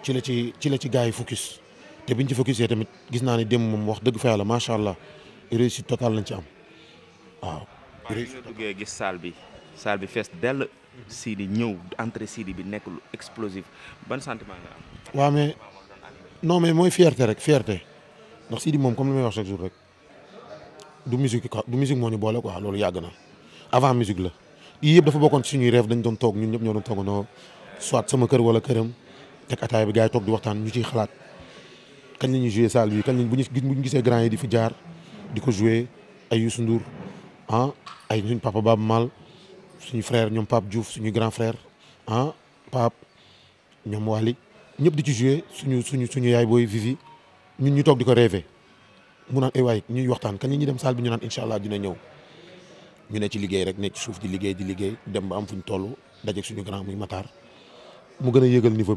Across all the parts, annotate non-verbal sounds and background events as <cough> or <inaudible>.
ci la ci ci la ci gars yi focus te biñ ci focusé tamit gis naa ne dém moom wax dëgg fa yàlla macha allah réussite totale lañ ci am waaw. gis salle bi salle bi fees dell. Sidi ñëw entrée Sidi bi nekk lu ban sentiment nga am. mais non mais mooy fierté rek fierté ndax Sidi moom comme li may wax chaque jour rek du musique quoi du musique moo ñu boole quoi loolu yàgg na avant musique la yii yëpp dafa bokkoon ci suñuy rêve dañ doon toog ñu ñëpp ñoo doon noo soit sama kër wala këram. teg bi gars di ñu joué salle bi grand yi di fi jaar ils ay Youssou Ndour Ils ah, ay papa frère ñoom Pape suñu grand frère ah, Pape Ils di joué suñu suñu suñu Ils Vivi ñun ñu On rêvé mu eh ay ñuy la salle bi ñu ñu ne ci liggéey rek ne ci souf di liggéey di liggéey dem ba am fuñ suñu grand muy Matar mu niveau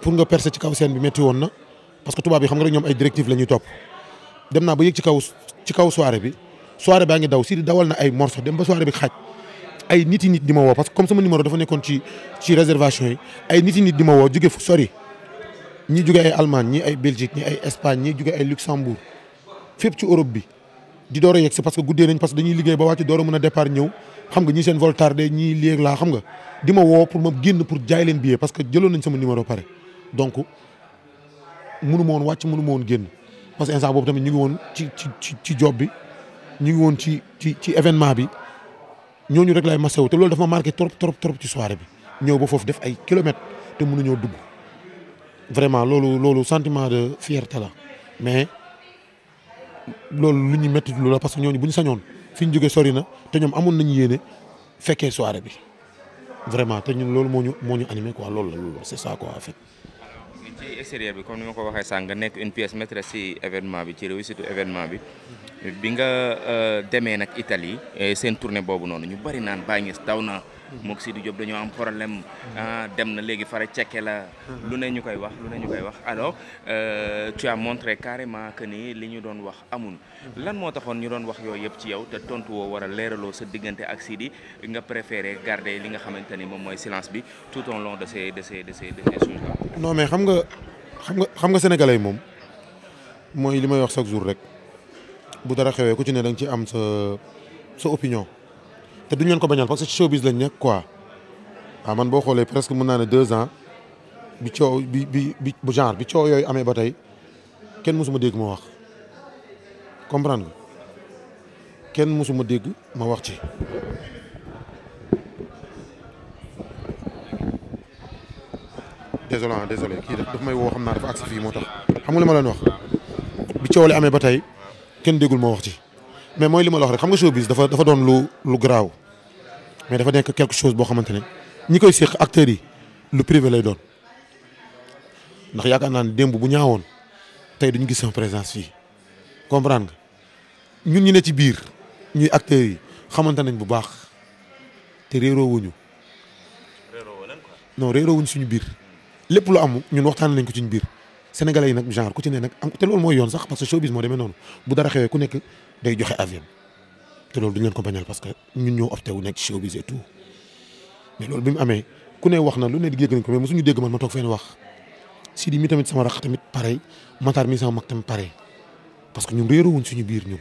pour nga percer ci kaw scène bi métti woon na parce que tubaab yi xam nga rek ñoom ay directive la ñuy topp dem naa ba yëg ci kaw ci bi soirée baa ngi daw si di dawal na ay morceau dem ba soirée bi xaaj ay nit yi nit di ma woo parce que comme sama numéro dafa nekkoon ci ci réservation yi ay nit yi nit di ma woo jóge ay Allemagne ñii ay Belgique ñii ay Espagne ñii jóge ay a a mën a départ ñëw xam nga ñii seen vol tardé ñii léeg laa pare donc munu parce que instant on tamit ñu ngi ci ci ci job bi ñu ngi ci ci marqué trop trop trop soirée bi ba kilomètres vraiment c'est sentiment de fierté mais on, lu ñu parce que nous, on ñu sañoon fi soirée vraiment c'est ñun c'est ça quoi a fait ci extérieur bi comme ni ma ko waxee sànq nekk une pièce maîtresse ci événement bi ci réussite événement bi bi nga euh, demee nag Italie seen tournée boobu noonu ñu bari naan Baye Niass daw na mook Sidy Diop dañoo am problème ah, dem na léegi fara cekke la lu ne ñu koy wax lu ne ñu koy wax alors euh, tu as montré carrément que ni li ñu doon wax amul lan moo taxoon ñu doon wax yooyu yëpp ci yow te tontu woo war a leeraloo sa diggante ak Sidy nga préféré garder li nga xamante ni moom mooy silence bi tout au long de ces de ces de ces de ces jours là non mais xam nga xam nga xam nga sénégalais yi moom mooy li may wax chaque jour rek bu dara xewee ku ci ne da ci am sa sa opinion te duñ leen ko bañal parce que ci showbiz lañ nekk quoi waaw ah, man boo xoolee presque mën naa ne deux ans bi coow bi bi bi bu genre bi coow yooyu amee ba tey kenn mësuma dégg ma wax comprendre nga kenn mësuma dégg ma wax ci. désolant désolé ki daf may wo xamna naa dafa agsi fi motax tax xam nga li ma leen wax bi coow li amee ba tey kenn déggul wax ci mais moy li ma la wax rek xam nga showbiz dafa dafa don lu lu graw mais dafa nek quelque chose bo xamante ñi koy séq acteur yi lu privé lay don ndax yaaka naa démb bu ñaawon tay duñu gis en présence fi comprendre nga ñun ñi ne ci biir ñuy acteur yi xamante bu baax te réro wuñu réro non réro wuñ suñu biir lépp lu amu ñun waxtaan nañ ko ci biir sénégalais yi nag genre ku ci ne nag am te loolu mooy ku nekk day joxe avion loolu duñ leen ko bañal parce que ñun ñoo opté wu nekk ci showbiz loolu bi mu amee ku ne wax na lu ne dégg nañ ko mais mosuñu dégg man ma toog fenn wax tamit sama rax tamit pareil Matar mi sama mag parce que ñun réeroo wuñ suñu biir ñun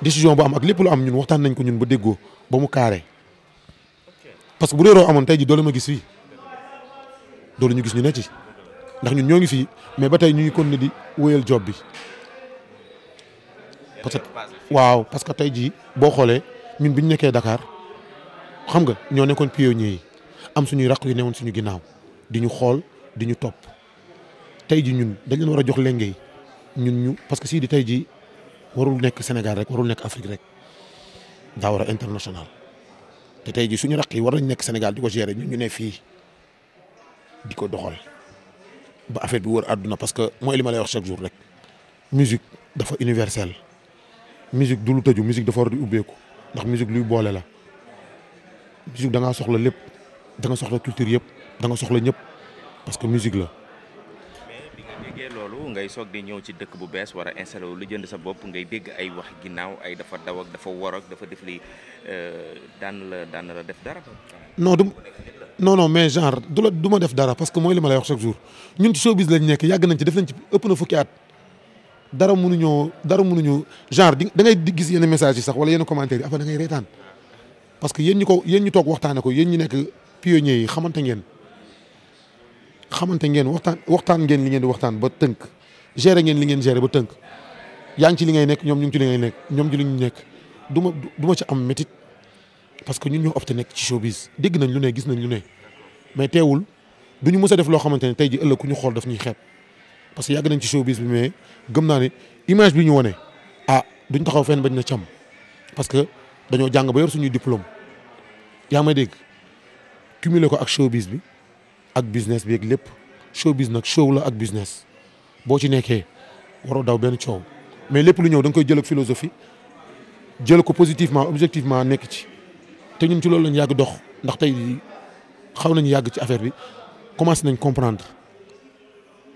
décision bu am ak lépp lu am ñun waxtaan nañ ko ñun ba déggoo ba mu carré parce que bu réeroo amoon tey ji doole ma gis fii doolu ñu gis ñu ne ci ndax ñun ñoo ngi fii mais ba tey ñu ngi continuer di wéyal job bi parce que waaw parce que tey jii boo xoolee ñun bi ñu nekkee Dakar xam nga ñoo nekkoon pionniers yi am suñuy raq yu newoon suñu ginnaaw di ñu xool di ñu topp tey ji ñun dañ leen war a jox lenge ñun ñu parce que sii di tey jii warul nekk Sénégal rek warul nekk Afrique rek daa war a international te tey ji suñu raq yi war nañ nekk Sénégal di ko gérer ñun ñu ne fii. di ko doxal ba affaire bi wër aduna parce que mooy li ma lay wax chaque jour rek musique dafa universelle musique du lu teju musique dafa war di ubbeeku ndax musique luy bolé la musique da nga soxla lépp da nga soxla culture yépp da nga soxla ñëpp parce que musique la. ngay soog di ñëw ci dëkk bu bees war a installé wu lu jënd sa bopp ngay bégg ay wax ginnaaw ay dafa daw ak dafa war dafa def lii euh, daan la daan def dara. non du no no mais genre du la du ma def dara parce que mooy li ma lay wax chaque jour ñun ci showbiz lañ nekk yàgg nañ ci def nañ ci ëpp na fukki at dara mënuñoo dara mënuñu genre da ngay gis yenn message yi sax wala yenn commentaire yi après da ngay reetaan parce que yéen ñu ko yéen ñu toog waxtaane ko yéen ñu nekk pionniers yi xamante ngeen xamante ngeen waxtaan waxtaan ngeen li ngeen di waxtaan ba tënk gere ngeen li ngeen gérer ba tënk yaa ngi ci li ngay nekk ñoom ñu ngi ci li ngay nekk ñoom ci li ñu nekk du ma du ci am métit parce que ñun ñoo opté nekk ci showbiz dégg nañ lu ne gis nañ lu ne mais teewul du ñu mës a def loo xamante ne tey ji ëllëg ku ñu xool daf ñuy xeeb parce que yàgg nañ ci showbiz bi mais gëm naa ni image bi ñu wone ah duñ taxaw fenn bañ na càmm parce que dañoo jàng ba yor suñuy diplôme yaa may dégg cumulé ko ak showbiz bi ak business bi lépp showbiz nag show la ak business boo ci nekkee waroo daw benn coow mais lépp lu ñëw da nga koy jël ak philosophie jël ko positivement objectivement nekk ci te ñun ci loolu lañ yàgg dox ndax tey xaw nañ yàgg ci affaire bi commencé nañ comprendre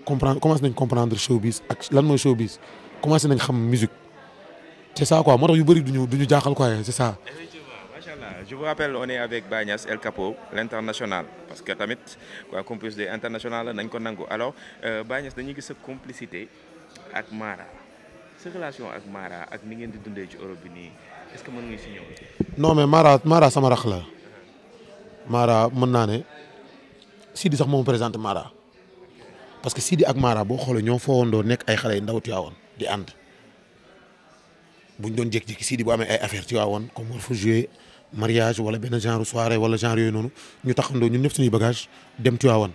comprendre commencé nañ comprendre showbiz ak lan mooy showbiz commencé nañ xam musique c'est ça quoi moo tax yu bëri duñu duñu jaaxal quoi c'est ça je vous rappelle, on est avec Bagnas El Capo, l'international. Parce que Tamit, quoi qu'on puisse dire, international, Nankonango. Alors, euh, Bagnas, nous avons cette complicité avec Mara. Cette relation avec Mara, avec Ningen de Dundé du Orobini, est-ce que vous avez signé Non, mais Mara, Mara, c'est ma rakhla. Mara, mon nane, Sidi, ça me présente Mara. Parce que Sidi et Mara, si on regarde, on voit qu'ils sont des enfants qui sont des enfants. bu ñu doon jékki-jékki Sidi bu amee ay affaire ci waawoon comme war jouer mariage wala ben genre soirée wala genre yoy Nous ñu taxandoo ñun suñu bagage dem a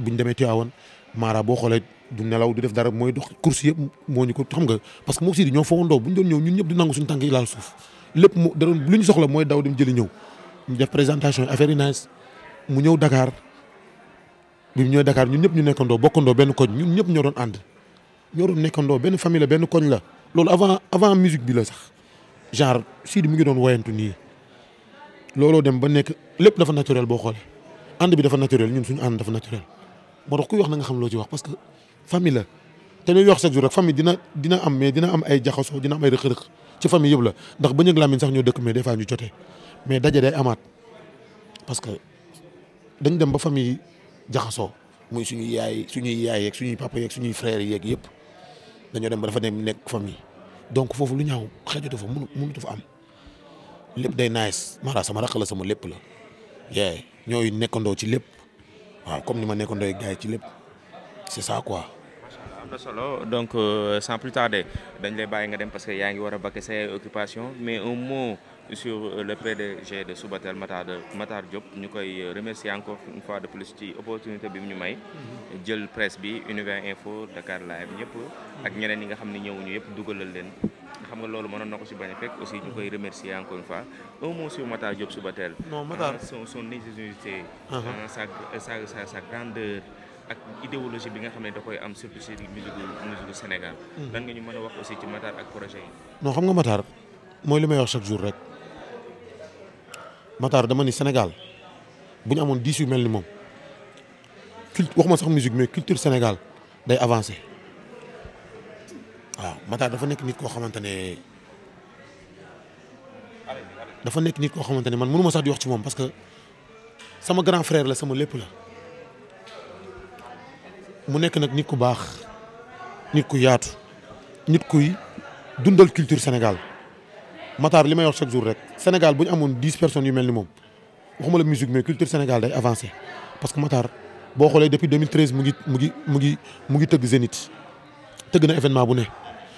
buñ demee Tiwaawan Mara bo xolé du nelaw du def dara moy dox course yépp moñu ko xam nga parce que mo aussi di ñoo fowandoo ñun suñu laal suuf da doon luñu soxla moy daw def présentation affaire nice mu ñew Dakar bi ñew Dakar ñun ñëpp ñu nekkando bokkando ben koñ ñun ñoo doon and ñoo famille la koñ la avant avant musique bi la sax genre Sidi ngi doon lolo dem ba nek lepp dafa naturel bo xol and bi dafa naturel ñun suñu and dafa naturel moo tax kuy wax na nga xam lo ci wax parce que famille la té ñu wax chaque jour rek famille dina dina am mais dina am ay jaxasoo dina am ay rëq-rëq ci famille yëpp la ndax ba ñëg làmmiñ sax ñoo dëkk mais des fois ñu jotee mais dajé day amaat parce que dañ dem ba famille jaxasoo muy suñu yaay suñu yaay yeeg suñuy papa yeeg suñu frère yek yëpp dañu dem ba dafa nek nekk famille donc fofu lu ñaaw xeetu dafa mënu mënut fa am. lépp day nice Mara sama rakk la sama lépp la yee ñooy nekkandoo ci lépp waaw comme ni ma nekkandoo ak ci lépp c'est ça quoi. solo donc euh, sans plus tarder dañ lay bàyyi nga dem parce que yaa ngi war a bakk say occupation mais un mot sur euh, le PDG de Subatel Matar euh, Matar Diop ñu koy remercier encore fois de plus ci opportunité bi mu ñu may jël presse bi Univers Info Dakar Live ñëpp ak ñeneen yi nga xam ni ñëwuñu yëpp dugalal leen xam nga loolu mënoon na ko si bañ a fekk aussi ñu koy remercier encore une fois un mot sur Matar Diop Soubatel. non euh, uh-huh. euh, sa sa sa sa grandeur. ak idéologie nga xam ne da koy am surtout si musique musique mm-hmm. nga ñu mën wax aussi ci Matar ak projet yi. non xam nga Matar mooy li may wax chaque jour rek Matar dama ni Sénégal bu ñu amoon dix yu mel ni moom cult waxuma sax musique mais culture Sénégal day avancer. waaw Matar dafa nekk nit koo xamante ne dafa nekk nit koo xamante ne man mënu ma sax di wax ci moom parce que sama grand frère la sama lépp la mu nekk nag nit ku baax nit ku yaatu nit kuy dundal culture Sénégal Matar li may wax chaque jour rek Sénégal bu ñu amoon dix personnes yu mel ni moom waxuma la musique mais culture Sénégal day avancé parce que Matar boo xoolee depuis 2013 mu ngi mu ngi mu ngi mu ngi tëgg Zénith tëgg na événement bu ne.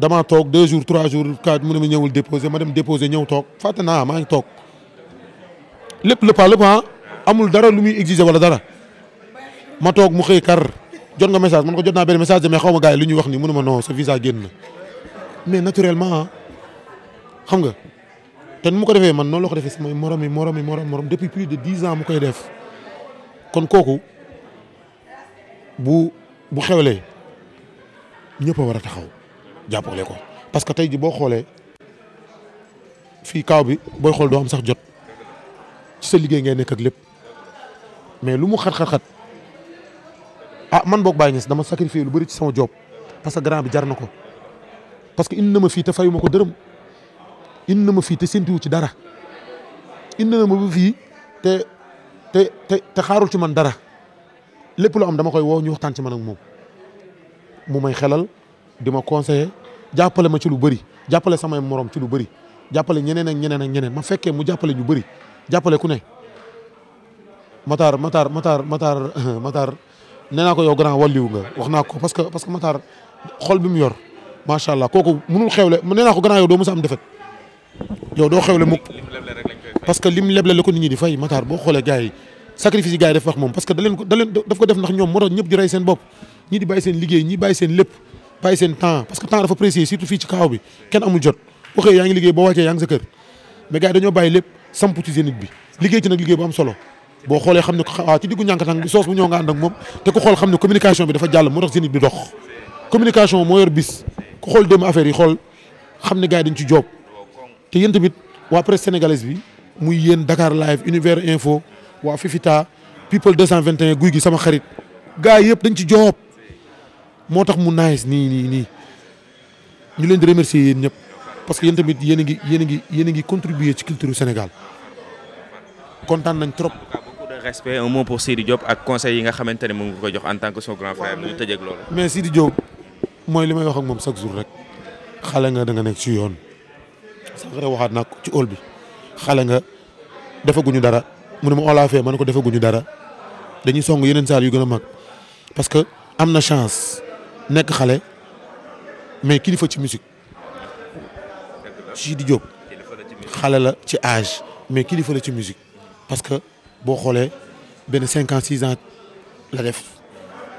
ma tok deux jours trois jours quatre Je ne ma déposé ma dem déposé ñëw toog fàtte naa ngi le pas le amul dara lu muy exiger wala dara ma tok mu xey kar message man ko jot message mais ma lu wax ni non visa mais naturellement ah, xam nga te mu ko man non lo ko depuis plus de dix ans mu koy def kon koku bu bu jàppale ko parce que tey ji boo xoolee fii kaw bi booy xool doo am sax jot ci sa liggéey ngay nekk ak lépp mais lu mu xat-xat-xat ah man boog bàyyi ñes dama sacrifier lu bari ci sama job parce que grand bi jar na ko parce que indi na ma fii te fayu ma ko dërëm indi na ma fii te séntuwu ci dara indi na ma ba fii te te te te xaarul ci man dara lépp lu am dama koy woo ñu waxtaan ci man ak moom mu may xelal di ma conseiller jàppale ma ci lu bëri jàppale samay moroom ci lu bëri jàppale ñeneen ak ñeneen ak ñeneen ma fekkee mu jàppale ñu bëri jàppale ku ne Matar Matar Matar Matar <laughs> ko yow grand walliw nga wax naa ko parce que parce que Matar xol bi mu yor macha allah kooku munul xewle nee ko grand yow doo mës a am defet yow doo xewle mukk parce que lim leble la ko nit ñi di fay Matar boo xoolee gars yi sacrifice yi gars yi def wax moom parce daf ko def ndax ñoom moo tax seen bopp bàyyi seen temps parce que temps dafa précieux surtout fii ci kaaw bi kenn amul jot bu xëyee yaa ngi liggéey boo wàccee yaa ngi sa mais gars yi dañoo ci Zénith xoolee xam ne ko waaw ci diggu ñànkatang bi soos bu ñëw nga ànd ak moom te ku xam ne communication bi dafa jàll moo tax Zénith bi dox communication moo yor bis ku xool démb affaire yi xool xam ne gars yi dañ ci joob te yéen tamit waa presse sénégalaise bi muy yéen Dakar Live Univers Info waa Fifita People guy gi sama xarit gars yëpp dañ ci joob motax mu nice ni ni ni ñu leen di remercier yeen ñep parce que yeen tamit yeen ngi yeen ngi yeen ngi contribuer ci culture Sénégal kontaan nañ trop. respect un mot pour Sidi Diop ak conseil yi nga xamantene mo ngi ko jox en tant que son grand frère ñu tëjee ak loolu. mais Sidi Diop moy limay wax ak mom chaque jour rek xala nga da nga nek ci yoon sa xere waxat nak ci óol bi xala nga guñu dara mu ne mo ola fe man ko guñu dara dañuy song yeneen sal yu gëna mag parce que amna chance nek xalé mais kilifa ci musique Sidi job? xale la ci âge mais kilifa la ci musique parce que bo xolé ben cinq ans six ans la def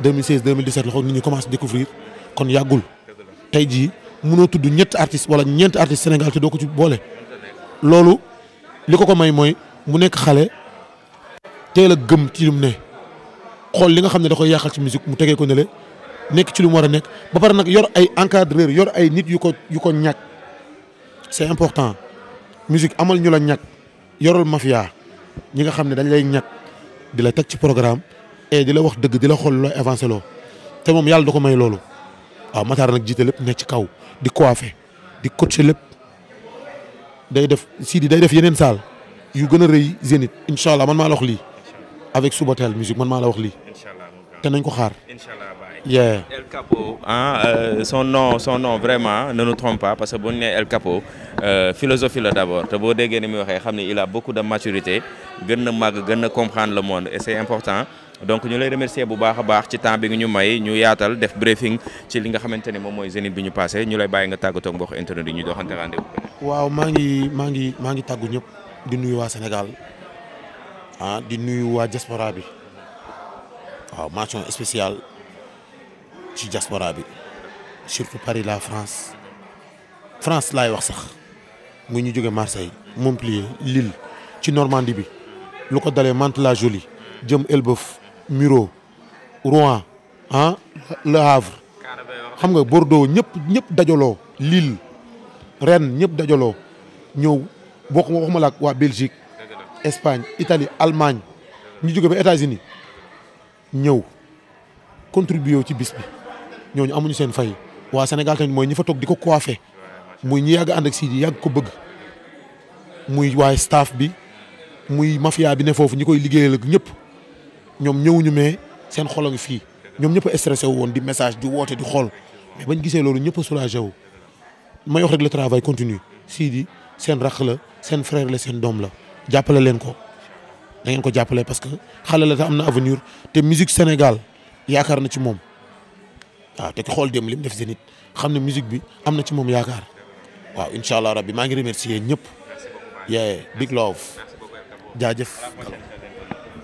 2016 2017 la xool ñu ñi commencé découvrir kon yagul tay ji mëno tuddu ñet artiste wala ñent artiste Sénégal ci doo ci bolé lolu li ko may moy mu nek xalé teel a gëm ci lu mu ne xool li nga xamné da koy yàqal ci musique mu tegee ko ne le nek ci lu mo war a ba par nak yor ay encadreur yor ay nit yu ko yu ko ñak c'est important musique amal ñu la ñak yorol mafia ñi nga xamne dañ lay ñak di la teg ci programme et di la wax deug di la xool looy avancé loo te mom yalla da ko may lolu wa ah, Matar nak jité lepp nekk ci kaw di coiffer di coacher lepp day def Sidi day def yenen sal yu gëna reuy Zénith man maa la wax li avec Subatel musique man maa la wax lii te nañ ko xaar. Yeah. El Capo, hein, euh, son, nom, son nom vraiment ne nous trompe pas parce que bon, El Capo, euh, philosophie là d'abord. Il a beaucoup de maturité, il comprendre le monde et c'est important. donc ñu lay remercier bu baax baax ci temps bi nga ñu may ñu yaatal def briefing ci li nga xamante ne moom mooy bi ñu passé ñu lay bàyyi nga tàggatoo pour mbokk internet yi ñu doxante rendez-vous. waaw maa ngi maa ngi maa ngi tàggu ñëpp di nuyu Sénégal ah di nuyu waa diaspora bi waaw mention spéciale ci diaspora bi surtout Paris la France France lay wax sax mu ñu Marseille Montpellier Lille ci Normandie bi lu ko dalé mante la jolie jëm Elbeuf Muro Rouen ah, Le Havre xam nga Bordeaux ñep ñep dajolo Lille Rennes ñep dajolo ñew boo waxuma la wa Belgique Espagne Italie Allemagne ñu jóge ba États-Unis ñew contribuer ci bis bi ñoñu amuñu seen fay wa Sénégal tamit moy ñi fa toog di ko muy ñi yag and ak sidi yag ko bëgg muy way staff bi muy mafia bi ne fofu ñi koy liggéeyal ak ñëpp ñom ñewuñu mais seen xol a ngi fii ñëpp stressé wu won di message di woté di xol mais bañ gisee lolu ñëpp a soulagé wu may wax rek le travail continue sidi seen rax la seen frère la seen dom la jappalé len ko da ngeen ko jappalé parce que xale la te am avenir té musique Sénégal yaakar na ci mom waaw te ki xool dem li mu def Zénith xam ne musique bi am na ci moom yaakaar waaw incha allah rabbi maa ngi remercier ñëpp. yee big love jaajëf.